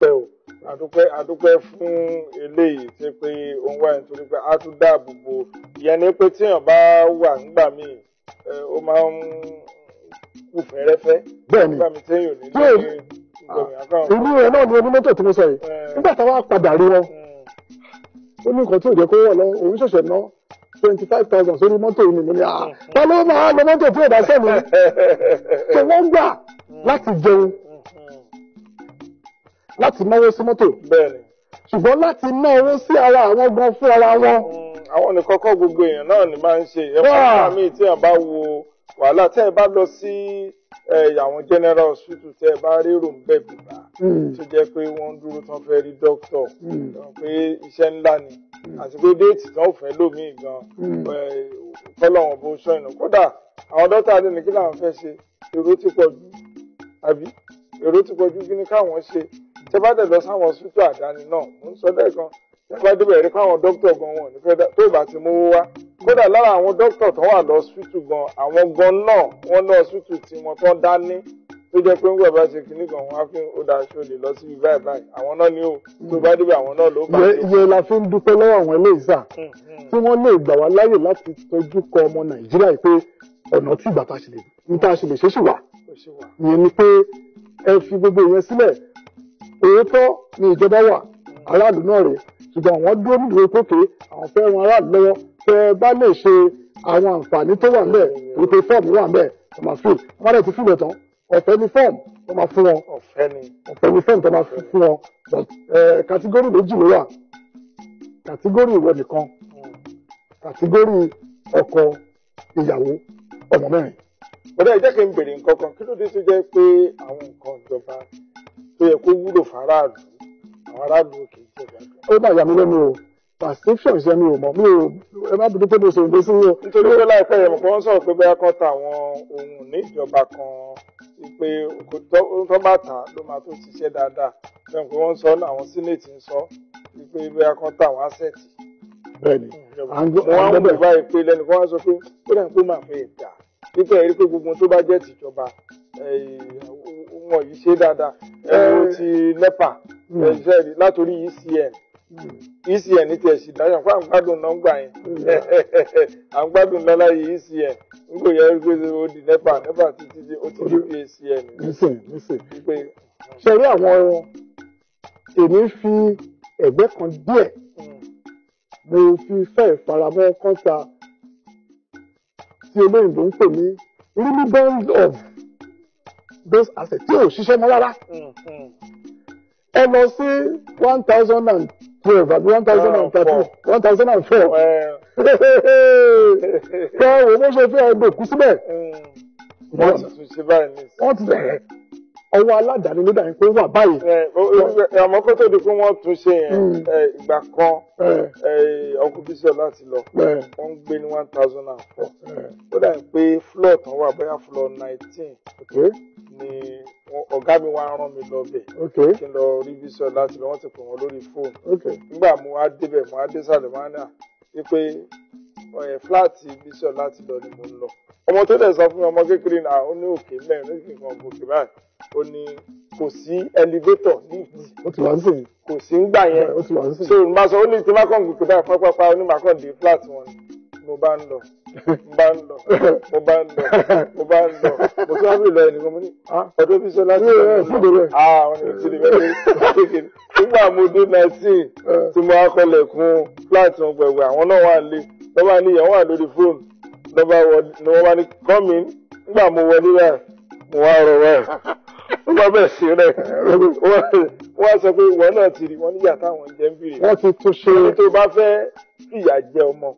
dúpẹ́ o àdúpẹ́ àdúpẹ́ fún eléyìí tí pé òun wà nítorí pé a tún dáàbò bo ìyẹn ni pé tíyàn bá wà nígbà míì ó máa ń kú fẹ́rẹ́fẹ́ nígbà míì téèyàn ní lórí ah, irú ẹ náà ni onímọ́tò tí mo sọ yìí nígbà táwa padà rí wọn ó ní nǹkan tí ò jẹ́ kó wọ̀ lọ òun ṣẹ̀ṣẹ̀ ná twenty five thousand sórí mọ́tò yìí nìyí ah, ta ló máa lọ mọ́tò tí ò bá sẹ́mi wọ́n gbà láti jẹun láti náwó sí mọ́tò ṣùgbọ́n láti ná owó sí ara àwọn gan fún ara wọn. Mm, àwọn nìkan kọ́ gbogbo èèyàn náà ni máa ń ṣe ẹ̀fọ́ mi tí a bá wo wàhálà tẹ́ ẹ bá lọ sí àwọn general hospital tẹ́ ẹ bá rérò ń bẹ̀ bìbà mm. tó jẹ́ pé wọ́n ń dúró tán fẹ́ rí dókítà mm. pé iṣẹ́ ńlá ni àti pé déètì tán ò fẹ́ lómìn gan fọlọ́wọ́n bó ṣọ́yìn kódà àwọn dókítà ní kí làwọn fẹ́ ṣe èrò ti pọ̀ jù àbí èrò ti pọ̀ jù kí ni káwọn ṣe tẹ bá dẹ̀ lọ sáwọn hospital àdáni náà mo ń sọ lẹ́ẹ̀kan nípa débẹ̀ rí fáwọn dókítà gan wọn ní fẹ́dá tó ìbá ti mówó wá kódà lára àwọn dókítà tó wà lọ́sítù gan àwọn gan náà wọ́n lọ ọ̀sítù tí wọ́n tán dání tó jẹ́ pé ń gbọ̀ bá ṣe kínní gan wọn á fi ó dáa ṣó lè lọ sí báyìí báyìí àwọn náà ni ó tó bá débẹ̀ àwọn náà ló bá dé. iye la fi ń dúpẹ́ lọ́wọ́ àwọn eléyìí hmm, hmm. tí wọ́n lè gbà wá láyè láti tọ́jú kọ ọmọ nàìjíríà pé ọ̀nà tí ìgbà tá a ṣe lè ṣe ṣì wà ìyẹn ni pé ẹ fi gbogbo ìyẹn sílẹ̀ òótọ́ ni ìjọba wà aráàlú náà rèé ṣùgbọ́n àwọn dúró nídìí pókè àwọn fẹ́ ran aráàlú lọ́wọ́ tẹ bá lè ṣe àwọn àǹfààní tó wà ńbẹ̀ wípé fọ́ọ̀mù wà ńbẹ̀ tó máa fíl wọn lè ti fíl ẹ̀tàn ọ̀fẹ́ ni fọ́ọ̀mù tó máa fún wọn ọ̀fẹ́ ni fọ́ọ̀mù tó máa fún wọn kàtígórì méjì ló wà kàtígórì ìwọ nìkan kàtígórì ọkọ ìyàwó ọmọ mẹ́rin. bọ́dá ìjẹ́ kí n bèrè nǹkan kan kí ló dé tó jẹ́ pé àwọn nǹkan ìjọba tó yẹ kó wúlò fáráàlú àwọn aráàlú òkè jẹ gàgà. ó bá yà mí lẹ́nu o prescription ṣe mi ò mọ̀ mi ò ẹ má dúdú pé mo ṣe ìgbésí o. nítorí pé láìpẹ́ yẹn mọ̀ wọ́n sọ̀rọ̀ pé bóyá kan ta àwọn ohun ní ìjọba kan pé tó bá tà ló máa tó ṣiṣẹ́ dáadáa bẹ́ẹ̀ pé wọ́n sọ àwọn sínẹ́tì ń sọ pé bóyá kan ta àwọn asẹ́ẹ̀tì. bẹ́ẹ̀ni à ń gbọ́ bẹ́ẹ̀ wọ́n wọ́n báyìí pé lẹ́nu kan wá sọ pé ó dà pé màá fẹ́ dà nípa ẹ̀rí pé gbogbo tó bá jẹ́ tìjọba wọn yìí ṣe dáadáa Eh, owó ti nepa hmm. ẹ̀jẹ̀ rí látòrí ECN hmm. ECN ti ẹ̀sìn dáyọ̀ fún àgbàdùn náà gbà yẹn hmm. àgbàdùn lọ́la yìí ECN n kò yẹ kó o di nepa nepa títí di o ti di ECN. ṣe rí àwọn èmi fi ẹ̀gbẹ́ kan díẹ̀ mo fi fẹ́ faramọ́ kọ́ńtà tí olóyìnbó ń pè ní rímí bond of those assets tí ò ṣiṣẹ́ mọ́ rárá mm-hmm. ẹ lọ sí one thousand and twelve àbí one thousand and thirteen oh, one thousand and four kọ́ wo bó ṣe fẹ́ ẹ gbòkú síbẹ̀ mm. wọ́n ti bẹ̀rẹ̀ ọwọ́ aládàáni ló dàbí pé ó wà báyìí. àmọ́ kó tó di pé wọ́n tún ṣe hmm. ìgbà kan ọkùnrin bísí ọ̀la ti lọ wọ́n ń gbé ní one thousand and four ó dàbí pé floor tán wà bóyá floor nineteen ni ọ̀gá mi wá rán mi lọ bẹ̀ kí n lọ rí bísí ọ̀la ti lọ wọ́n ti pè wọ́n lórí fóònù nígbà mo wá débẹ̀ mo wá dé sàlẹ̀ mọ́ náà wípé fúláàtì bíṣọ̀ láti lọ ni mo ń lọ. ọmọ tó dẹ̀ sọ fún mi ọmọ kékeré náà ó ní òkè mẹ́rin ní kìkan gòkè báyìí ó ní kò sí ẹlivétọ̀ ní ìdí. ó ti wá ń sìn. kò sí ń gbà yẹn. ó ti wá ń sìn. so màá sọ ó ní tí mákàn gòkè báyìí pápápá ó ní mákàn dé fúláàtì wọn ni mo bá ń lọ mo bá ń lọ mo bá ń lọ mo bá ń lọ mo tún ábìrì lọ ẹnìkan mo ní ọdún bíṣọ láti lọ àwọn ènìyàn ti di mẹ́rin nígbà mo dé nineteen eh. tí mo akọlẹ̀kùn fúláàtì wọn pẹ̀wẹ̀ àwọn náà wà lé lọ́wọ́ níyàn wà lórí fóònù lọ́wọ́ ni wọ́n wá ní kọ́mí nígbà mo wọlé rẹ̀ mo wá rọ̀ rẹ̀ ó bá bẹ̀ sí rẹ̀ wọ́n á sọ pé ìwọ náà ti rí wọn níyà táwọn jẹ ń bìrì. wọ́n ti tún ṣe. tó bá fẹ́ fìyà jẹ ọmọ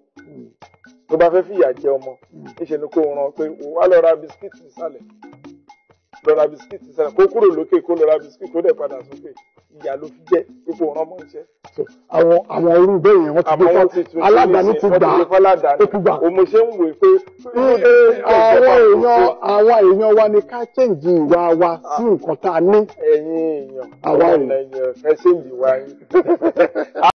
tó bá fẹ́ fìyà jẹ ọmọ hmm. níṣẹ́ ni kò ràn pé wà lọ ra bisikíìtì sálẹ̀ lọ ra bisikíìtì sálẹ̀ kó kúrò lókè kó lọ ra bisikíìtì kó dẹ̀ padà sókè ìyá ló fi jẹ́ pé kò rán mọ́ iṣẹ́. àwọn àwọn irú bẹ́ẹ̀ yẹn wọ́n ti gbé fún aládàáni ti gbà ó ti gbà. òmò ń wò pé. Eh, àwọn èèyàn àwọn èèyàn wa ni ká ṣèǹjì ìwà wa sí nǹkan tá a ní. ẹ̀yin èèyàn àwọn èèyàn ẹ ṣèǹjì wa yín.